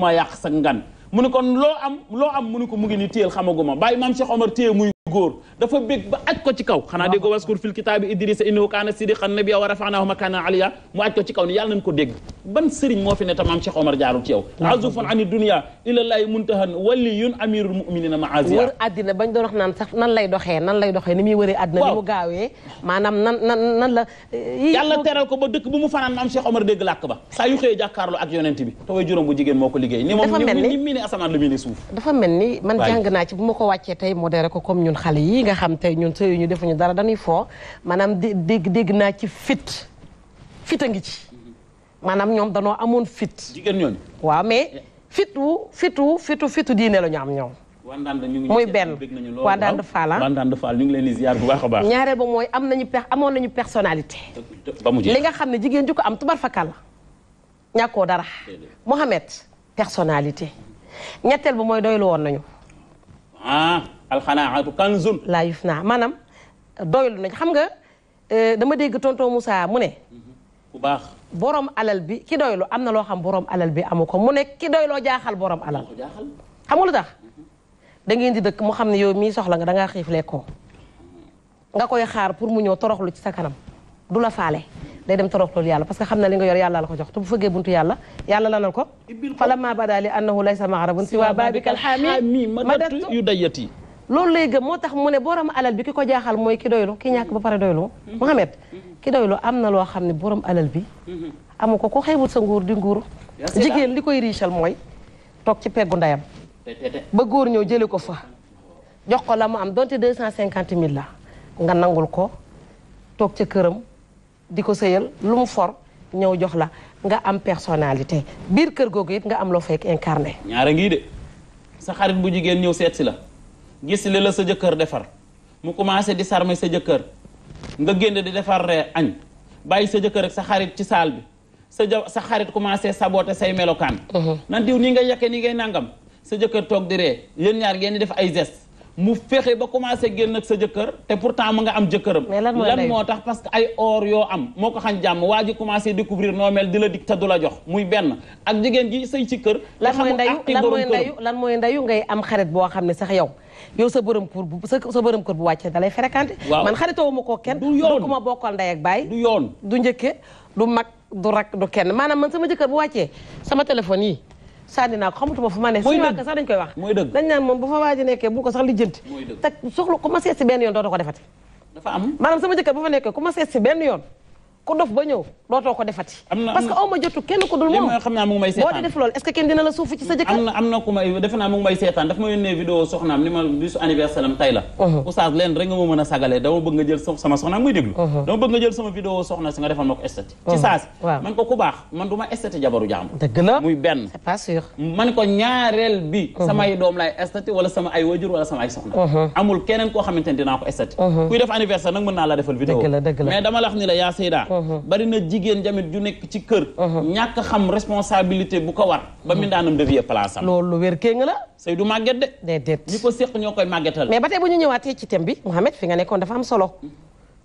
ma yàq sa ngan mu ne kon loo am loo am mu ne ko mu ngi ni téyel xamaguma bàyyi maam Cheikh Omar téye muy dafa bég ba aj ko ci kaw xanaa déggoo waskur fil kitaabi idrisa innahu kaana sidiqan nabiyya wa rafa'naahu makaanan aliyya mu aj ko ci kaw ne yàlla nañ ko dégg ban sëriñ moo fi ne tamaam Cheikh Omar jaarul ci yow mu gaawee maanaam nan la eh, yàlla ko ba dëkk bu mu fanaan maam Cheikh Omar dégg làkk ba saa yu xëyee jàkkaarloo ak yonent bi taway juróom bu jigéen moo ko liggéey ni moom ni mii asamaan lu mii suuf xale yi nga xam tey ñun sëyu ñu defuñu dara dañuy foo maanaam dégg dégg naa ci fit fit a ngi ci maanaam ñoom danoo amoon fit jigéen ñooñu waaw mais fitu fitu fitu fitu diine la ñu am ñoom muy benn waa daan faala ah. ñu ngi leen di ziar bu baax a baax ñaare ba mooy am nañu per amoon nañu personnalité li nga xam ne jigéen ji ko am tubar fakal la ñàkkoo dara Mohamed personnalité ñetteel ba mooy doylu woon nañu ah. alxanaatu kanzun laa yuf naa maanaam doylu nañ xam nga euh, dama dégg tonton Moussa mu ne ku baax borom alal bi ki doylu am na loo xam borom alal bi amul ko mu ne ki doyloo jaaxal borom alal xam nga tax da ngeen di dëkk mu xam ne yow mii soxla nga dangaa xiif lekkoo nga koy xaar pour mu ñëw toroxlu ci sa kanam du la faale day dem torox loolu yàlla parce que xam na li nga yor yàlla la ko jox te bu buntu yàlla yàlla lanal ko falamma bada li annahu laysa maarabun siwa babikal xaami madatu yu dayati loolu lay gëm moo tax mu ne borom alal bi ki ko jaaxal mooy ki doylu ki ñàkk ba pare doylu Mohamed ki doylu am na loo xam ne borom alal bi amu ko ko xeebut sa nguur di nguur jigéen li koy riichal mooy toog ci peggu ndeyam ba góor ñëw jële ko fa jox ko la mu am donte de cent cinquante mille la nga nangul ko toog ca këram di ko sëyal lu mu for ñëw jox la nga am personnalité biir kër googu it nga am loo fekk incarné ñaara ngi de sa xarit bu jigéen ñëw seet si la gis li la sa jëkkër defar mu commencé di sarme sa jëkkër nga génn di defar ree añ bàyyi sa jëkkër ak sa xarit ci saal bi sa ja sa xarit commencé saboté say melokaan uh-huh. nan diw ni ngay yakke ni ngay nangam sa jëkkër toog di ree yéen ñaar ngeen di def ay gestes mu fexe ba commencé génn ak sa jëkkër te pourtant mu nga am jëkkëram lan moo tax parce que ay or yoo moo ko xañ jàmm waa ji commencé découvrir noo mel di la dig la jox muy benn ak jigéen ji sëy ci kër lan mooy ndayu lan mooy ndayu lan mooy ndayu ngay am xarit boo xam ne sax yow yow sa borom kër bu sa borom kër bu wàcce da lay fréquenté man xaritoo ma ko kenn du yoon ma bokkal ak baay du yoon du njëkke du mag du rak du kenn maanaam man sama jëkkër bu wàccee sama téléphone yi sànni naa ko xamatuma fu ma ne suñu waa sax dañ koy wax dañ naan moom bu fa waaji nekkee bu ko sax lijjanti soxlu ku seet si benn yoon dootoo ko defati dafa am maanaam sama jëkkër bu fa nekkee ku seet si benn yoon ku dof ba ñëw dootoo ko defati. parce que aw jotu kenn ku dul moom boo di def loolu est kenn dina la suufu ci sa na am na ku may uh-huh. a uh-huh. ko esthétique. ci uh-huh. saasi man ko ku man du ma jabaru jaam. dëgg muy benn c'est pas sûr. man ko ñaareel bi. samay doom laay esthétique wala sama ay wajur wala sama ay soxna. amul keneen koo xamante ne dinaa ko esthétique. kuy def anniversaire nag mën naa la defal vidéo mais dama la ni la yaa Uh-huh. bari na jigéen jamit ju nekk ci kër uh-huh. ñàkk xam responsabilité bu ko war ba uh-huh. mindaanam devie place am loolu wér kée nga la sëy du màgget de déedéet ñi ko séq ñoo koy màggetal mais ba tey bu ñu ñëwaatee ci thème bi Mouhamed fi nga nekkoon dafa solo mm-hmm.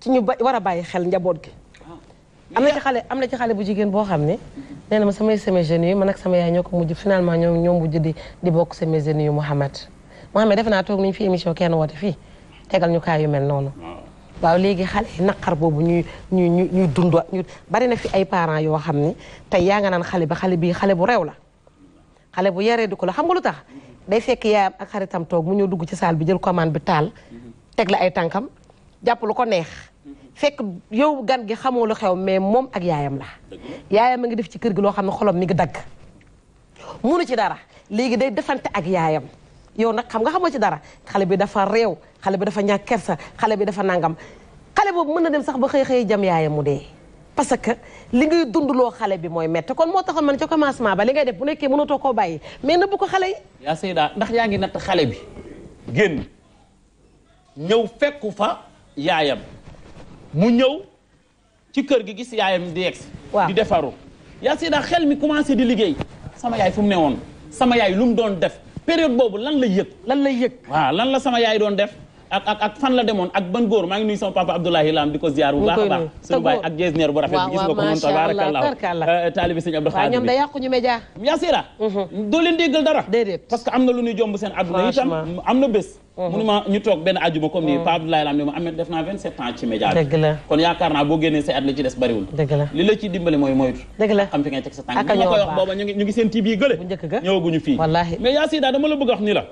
ci ñu war a bàyyi xel njaboot gi ah. am na ci am na ci xale bu jigéen boo xam ne mm-hmm. nee na ma samay semé jeunes ak sama yaay ñoo ko mujj finalement ñoom ñoom mujj di di bokk semé jeunes yu Mouhamed Mouhamed def naa toog nañu fi émission kenn woote fii tegal ñu kaay yu mel noonu waaw léegi xale yi naqar boobu ñuy ñu ñu ñuy dund ñu bari na fi ay parents yoo xam ne tey yaa nga naan xale bi xale bii xale bu rew la xale bu yaree di ko la xam nga lu tax day fekk yaayam ak xaritam toog mu ñëw dugg ci saal bi jël commande bi taal teg la ay tànkam jàpp lu ko neex fekk yow gan gi xamoo lu xew mais moom ak yaayam la yaayam ma ngi def ci kër gi loo xam ne xolam mi ngi dagg munu ci dara léegi day defante ak yaayam yow nag xam nga xamoo ci dara xale bi dafa réew xale bi dafa ñàkk kersa xale bi dafa nangam xale boobu mën na dem sax ba xëy xëy jam yaayam mu dee parce que li ngay dundloo xale bi mooy métti kon moo taxoon man ca commencement ba li ngay def bu nekkee mënatoo koo bàyyi mais nëbbu ko xale yi yaa Seyda ndax yaa ngi natt xale bi génn ñëw fekku fa yaayam mu ñëw ci kër gi gis yaayam di yegsi di defaru yaa Seyda xel mi commencé di liggéey sama yaay fu mu ne sama yaay lu mu doon def période boobu lan la yëg. lan la yëg waaw lan la sama yaay doon def. ak ak ak fan la demoon ak ban góor maa ngi nuyu sama papa Abdoulaye Lam di ko ziar bu baax a baax suñu baay ak jeesneer bu rafet bi gis nga ko moom tabarakallah taalibi sëñ mm-hmm. dara déedéet parce que am na lu ñuy jomb seen àdduna itam am na bés munuma ñu toog benn ajuma comme ni Pape Abdoulaye Lam ne ma Ameth def naa 27 ans ci média bi. la li la ci dimbale mooy moytu. dëgg la xam sa tànk. ak la bëgg a la.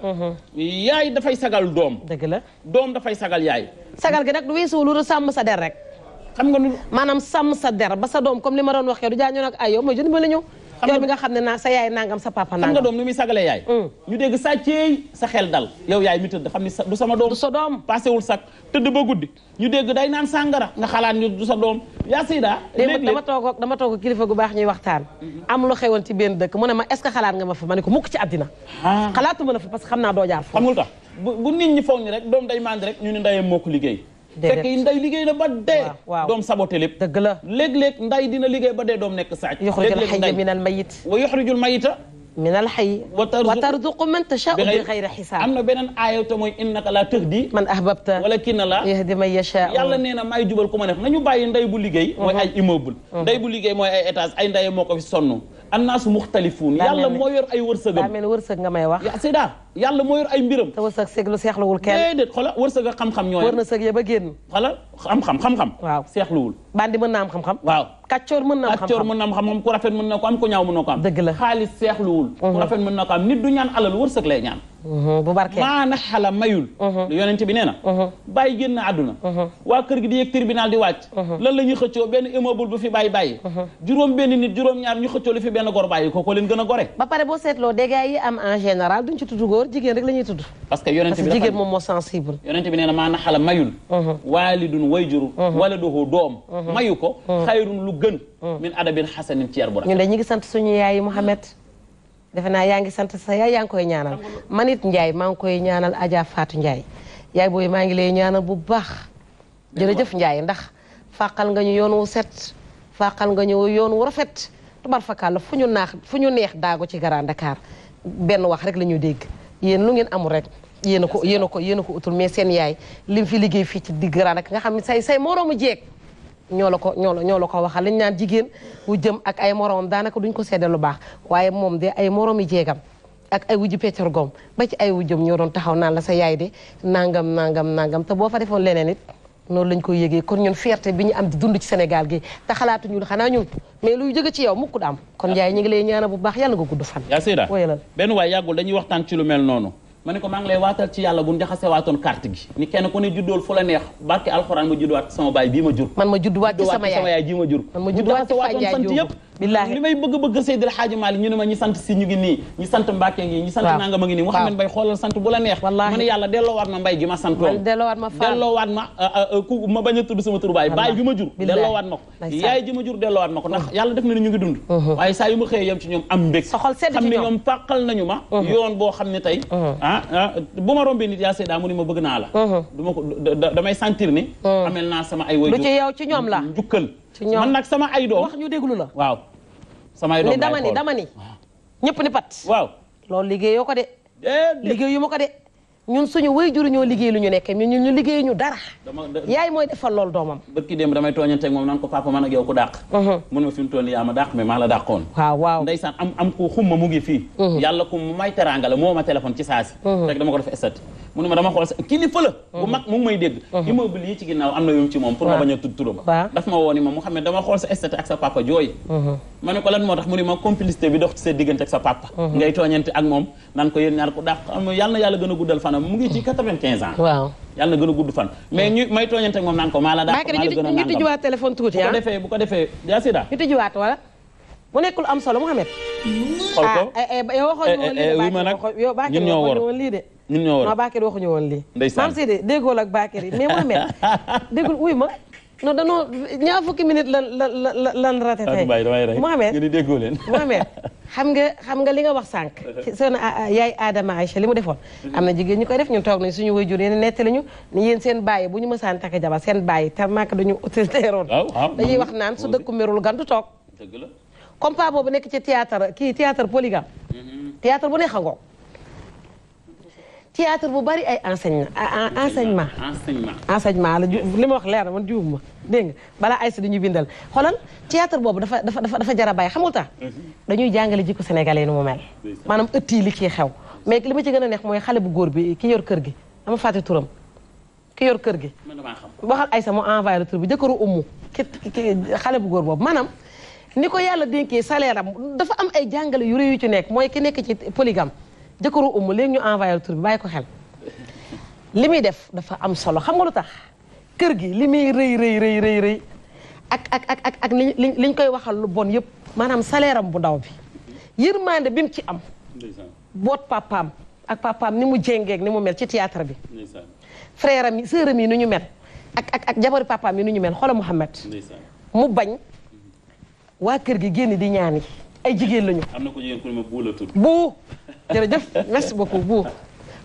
yaay dafay sagal doom. dëgg la doom dafay sagal yaay. sagal gi nag du weesu lu sàmm sa der rek. xam nga lu maanaam sam sa der ba sa doom comme li ma doon waxee du jaa ñëw nag ay mooy jënd ma ñëw yow bi nga xam ne naa sa yaay nangam sa papa nangam xam nga doom ni muy sagale yaay mm. ñu dégg sàcceey sa xel dal yow yaay mi tëdd xam ni du sama doom du sa doom paasewul sax tëdd ba guddi ñu dégg day naan sàngara nga xalaat ñu du sa doom yaa sida dama toog dama toog kilifa gu baax ñuy waxtaan mm-hmm. am lu xewoon ci benn dëkk mu ne ma est-ce xalaat nga ma fa ma ne ko mukk ci àddina ah. xalaatuma la fa parce que xam naa doo jaar foofu bu nit ñi foog ni rek doom day màndi rek ñu ne ndeyam moo liggéey fekk yi nday liggéey na ba dee doom saboté lépp dëgg la léeg-léeg nday dina liggéey ba dee doom nekk sàcc yuxrijul xayya min al mayit wa yuxrijul mayita min al xayyi wa tarzuqu man tashaau bi xayri xisaab am na beneen aaya te mooy innaka laa tahdi man ahbabta walaakinna Allaaha yahdi man yashaa yàlla nee na maay jubal ku ma neex nañu bàyyi nday bu liggéey mooy mhm. ay immeuble mhm. nday bu liggéey mooy ay étage ay ndaye moo ko fi sonn annaasu muxtalifuun yàlla moo yor ay wërsëgam daa mel ni wërsëg nga may wax sida yàlla moo yor ay mbiram te wërsëg seeglu seexluwul kenn déedéet xoolal wërsëg ak xam-xam ñooy wër na sëg ya ba génn xoolal xam-xam xam-xam waaw seexluwul bandi mën na am xam-xam waaw kàccoor mën na am kàccoor mën na am xam-xam ku rafet mën na ko am ku ñaaw mën na ko am dëgg la xaalis seexluwul mhm. ku rafet mën na ko am nit du ñaan alal wërsëg lay ñaan bu barkee mayul yonent bi nee na génn àdduna waa kër gi di yëg tribunal di wàcc lan la ñuy xëccoo benn immeuble bu fi bàyyi bàyyi juróom benn nit juróom ñaar ñu xëccoo li fi benn gor bàyyi kooko leen gën a gore ba pare boo seetloo dégâts am en général duñ ci tudd góor jigéen rek la ñuy parce que jigéen moom moo sensible yonent bi nee na maana xala mayul waalidun wayjuru waladuhu doom mayu ko xayrun lu gën min adabin xasanin ci yar bu defe naa yaa ngi sant sa yaay yaa ngi koy ñaanal manit Ndiaye maa ngi koy ñaanal Adja Fatou Ndiaye yaay booy maa ngi lay ñaanal bu baax jërëjëf Ndiaye ndax fàqal nga ñu yoon wu set fàqal nga ñu yoon wu rafet tubar fakàlla fu ñu naax fu ñu neex daago ci Grand Dakar benn wax rek la ñu dégg yéen lu ngeen amul rek yéen a ko yéen ko yéen ko utul mais seen yaay lim fi liggéey fii ci digg Grand Dakar nga xam ne say say moroomu jeeg ñoo la ko ñoo la ñoo la ko waxal lañ naan jigéen wu jëm ak ay moromam daanaka duñ ko seede lu baax waaye moom de ay moromi jeegam ak ay wujju péccar goom ba ci ay wujjam ñoo doon taxaw naan la sa yaay de nangam nangam nangam te boo fa defoon leneen it noonu lañ koy yégee kon ñun fierté bi ñu am di dund ci Sénégal gi te xalaatu ñun xanaa ñun mais luy jóge ci yow mukk du am kon yaay ñu ngi lay ñaana bu baax yàlla nga gudd fan yaa Seyda benn waay yàggul dañuy waxtaan ci lu mel noonu ma ne ko maa waatal ci yàlla bu ñu jaxase waatoon carte ni kenn ku ne juddool fu la neex barke alxuraan ma judduwaat sama baay bii ma jur man ma judduwaat ci sama yaay jii ma jur man ma judduwaat ci sama yaay jii ma jur billaahi li may bëgg bëgg Seydil Hadji Malick ñu ne ma ñi sant si ñu ngi nii ñi sant Mbàkke ngi ñi sant nanga ma ngi nii Mouhamed Mbaye xoolal sant bu la neex ma ne yàlla delloowaat ma mbay gi a tudd sama tur baay jur delloowaat ma ma ko oh. yàlla def na ne ñu ngi dund uh-huh. waaye saa yu ma xëyee yem ci ñoom am mbég xam ne uh-huh. yoon boo xam ne tey uh-huh. ah, ah bu ma rombee nit yaa Seydaa mu ni ma bëgg naa la du ma ko damay sentir ni amel naa sama ay waajur lu ci yow ci ñoom la njukkal ci ñoom man nag sama ay doom wax ñu déglu la. waaw sama ay doom ni dama ni dama ni. ñëpp ni pat. waaw loolu liggéeyoo ko de. liggéeyu ma ko de. ñun suñu way juru ñoo liggéey lu ñu nekkee ñun ñun ñu liggéey ñu dara. yaay mooy defal loolu doomam. bëkki démb damay tooñanteeg moom naan ko papa man ak yow ku dàq. Uh-huh. mun ma fi mu toll nii ma dàq mais maa la dàqoon. waaw waaw ndeysaan am am ku xumma mu ngi fii. Uh-huh. yàlla ku may teraanga la moo ma ci saasi. rek uh-huh. dama ko def estat mu ne ma dama xool sa kilifa bu uh-huh. mag mu may dégg uh-huh. immeuble yi ci ginnaaw am na yum ci moom pour ma bañ a tudd turam daf ma woo ma mu dama xool sa statut ak sa papa jooy uh-huh. ma ah. nekk lu am solo Mouhamed ah, eh, eh, yow waxoon woon lii de eh, ñun ñoo war wax ñu Bakary waxuñu woon lii. ndeysaan maam Sidi déggool ak Bakary mais Mohamed déggul wuy ma. non danoo ñaar fukki minute lan lan lan lan raté tey Mohamed nga di déggoo leen xam nga xam nga li nga wax sànq uh-huh. ci seen yaay Adama Aïcha li mu defoon am na jigéen ñu koy def ñu toog nañ suñu wayjur yéen nettali ñu ni yéen seen bàyyi bu ñu mësaan takk jabar seen bàyyi te màkk dañu autorité roon dañuy wax naan su dëkku merul gan du toog comme pa boobu nekk ci théâtre kii théâtre polygame mm-hmm. théâtre bu neex a théâtre bu bari ay enseignement enseignement enseignement la li ma wax leer na man juum ma dégg nga balaa ay si dañuy bindal xoolal théâtre boobu dafa dafa dafa jar a bàyyi xamul tax mhm. dañuy jàngale jikko sénégalais yi nu mu mel maanaam ëtt yi li ciy xew mais li ma ci gën a neex mooy xale bu góor bi ki yor kër gi dama fàtte turam ki yor kër gi waxal Aysa mu envoyé la tur bi jëkkëru ummu ki xale bu góor boobu maanaam ni ko yàlla dénkee salaire am dafa am ay jàngale yu rëy yu ci nekk mooy ki nekk ci polygame jëkkëru umu léegi ñu envoyé tur bi bàyyi ko xel li muy def dafa am solo xam nga lu tax kër gi li muy rëy rëy rëy rëy rëy ak ak ak ak ak li liñ koy waxal lu bon yëpp maanaam salaire bu ndaw bi yërmande bi mu ci am boot papaam ak papaam ni mu jéngeeg ni mu mel ci théâtre bi frère am yi sœur am yi ñu mel ak ak ak jabari papaam yi nu ñu mel xoola Mouhamed mu bañ waa kër gi génn di ñaan yi ay jigéen lañu. am na ku jigéen ku ne ma buu la tudd. buu jërëjëf merci beaucoup buu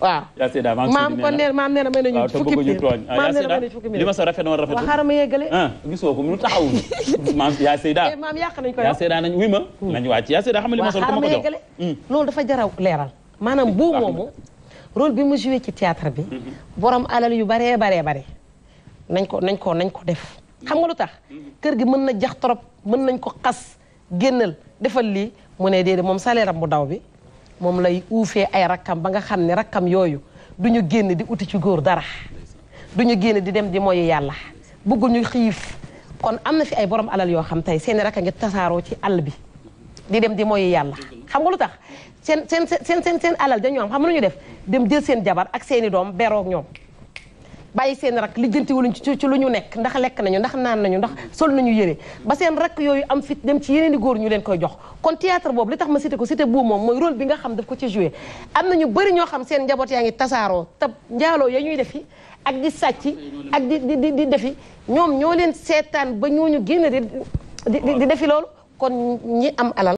waaw. yaa Seyda maa ngi maam kon nee maam nee na may nañu fukki mbir ah, maam nee na nañu fukki mbir li ma rafet woon rafet waaw ah, ko mu taxawu maam yaa Seyda eh, maam yàq ma hmm. nañ wàcc yaa ma hmm. loolu dafa jaraw leeral maanaam hmm. buu moomu rôle bi mu joué ci théâtre bi borom alal yu baree bare nañ ko nañ ko def xam nga lu tax kër gi mën na jax trop mën nañ ko xas génnal defal lii mu ne déedéet moom salaire am bu daw bi moom lay uufee ay rakkam ba nga xam ne rakkam yooyu du ñu génn di uti ci góor dara du ñu génn di dem di moyu yàlla bëggul ñu xiif kon am na fi ay borom alal yoo xam tey seen rakka ngi tasaaroo ci àll bi di dem di moyu yàlla xam nga lu tax seen seen seen seen seen alal dañu am xam nu ñu def dem jël seen jabar ak seeni doom beroog ñoom bàyyi seen rak lijjanti wuñ ci ci lu ñu nekk ndax lekk nañu ndax naan nañu ndax sol nañu yére ba seen rak yooyu am fi dem ci yeneen i góor ñu leen koy jox kon théâtre boobu li tax ma cité ko cité bu moom mooy rôle bi nga xam daf ko ci joué am na ñu bëri ñoo xam seen njaboot yaa ngi tasaaroo te njaaloo ya ñuy defi ak di sàcc ak di di di defi ñoom ñoo leen seetaan ba ñu génn di di defi loolu kon ñi am alal